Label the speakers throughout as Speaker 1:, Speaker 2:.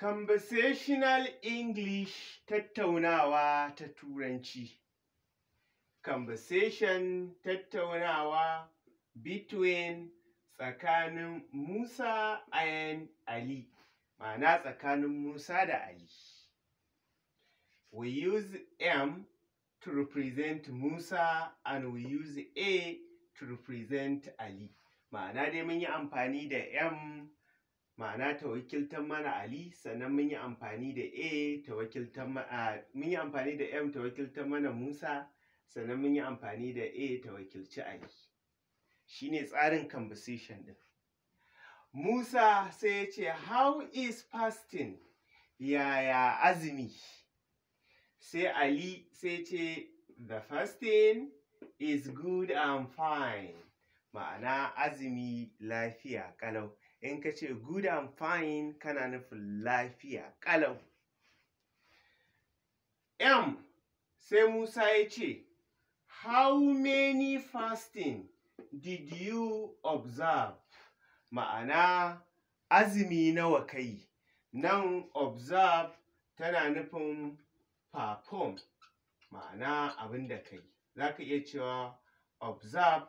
Speaker 1: Conversational English tattaunawa ta Turanci. Conversation tattaunawa between tsakanin Musa and Ali, ma'ana tsakanin Musa da Ali. We use M to represent Musa and we use A to represent Ali. Ma'ana dai mun yi amfani da M ma'ana tawakkiltan mana Ali sannan mun yi amfani da A tawakkiltan yi amfani da M ta wakiltar mana Musa sannan mun yi amfani da A ta wakilci Ali shine tsarin conversation din Musa sai ya ce how is fasting yaya azumi sai Ali sai ce the fasting is good and fine ma'ana azumi lafiya kalau in ka ce good and fine kana nufin lafiya ƙalau m sai musa ya ce how many fasting did you observe ma'ana azumi nawa kai nan observe tana nufin perform ma'ana abin da kai za ka iya cewa observe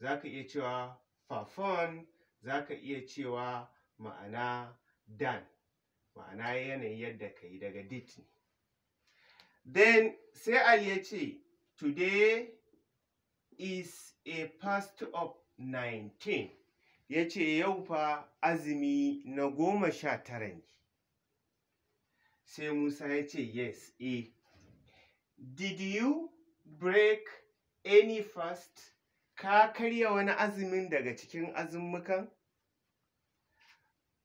Speaker 1: za ka iya cewa perform za ka iya cewa ma'ana dan ma'ana yanayin yadda ka yi daga did ne then sai ali ya ce today is a past of 19 ya ce yau fa azumi na goma sha tara ne sai musa ya ce yes eh did you break any fast ka karya wani azumin daga cikin azumukan?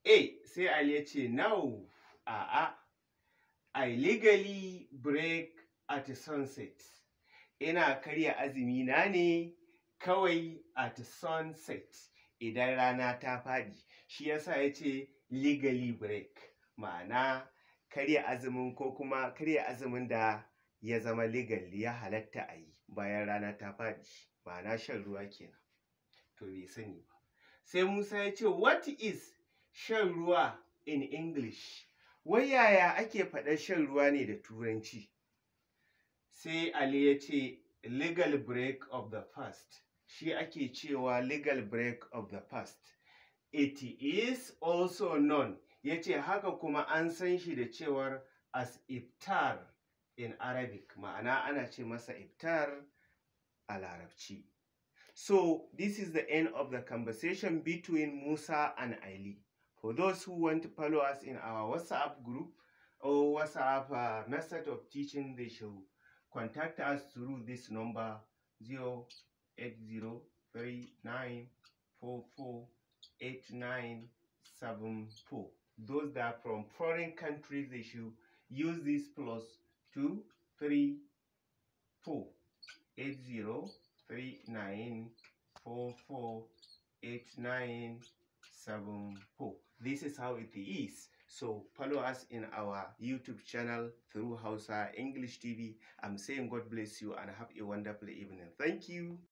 Speaker 1: a sai ali ya ce no a'a i legally break at sunset ina karya azumi na ne kawai at sunset idan rana ta faɗi shi yasa ya ce legally break ma'ana karya azumin ko kuma karya azumin da ya zama legal ya halatta a yi bayan rana ta faɗi ma'ana shan ruwa kenan to bai sani ba sai musa ya ce what is shan ruwa in english wai yaya ake faɗar shan ruwa ne da turanci sai ali ya ce legal break of the past shi ake cewa legal break of the past it is also known ya ce haka kuma an san shi da cewar as iftar in Arabic ma'ana ana ce masa iftar a larabci so this is the end of the conversation between Musa and Ali for those who want to follow us in our WhatsApp group or WhatsApp uh, method of teaching the show, contact us through this number 08039448974 those that are from foreign countries they should use this plus two three four eight zero three nine four four eight nine seven four. This is how it is. So follow us in our YouTube channel through Hausa English TV. I'm saying God bless you and have a wonderful evening. Thank you.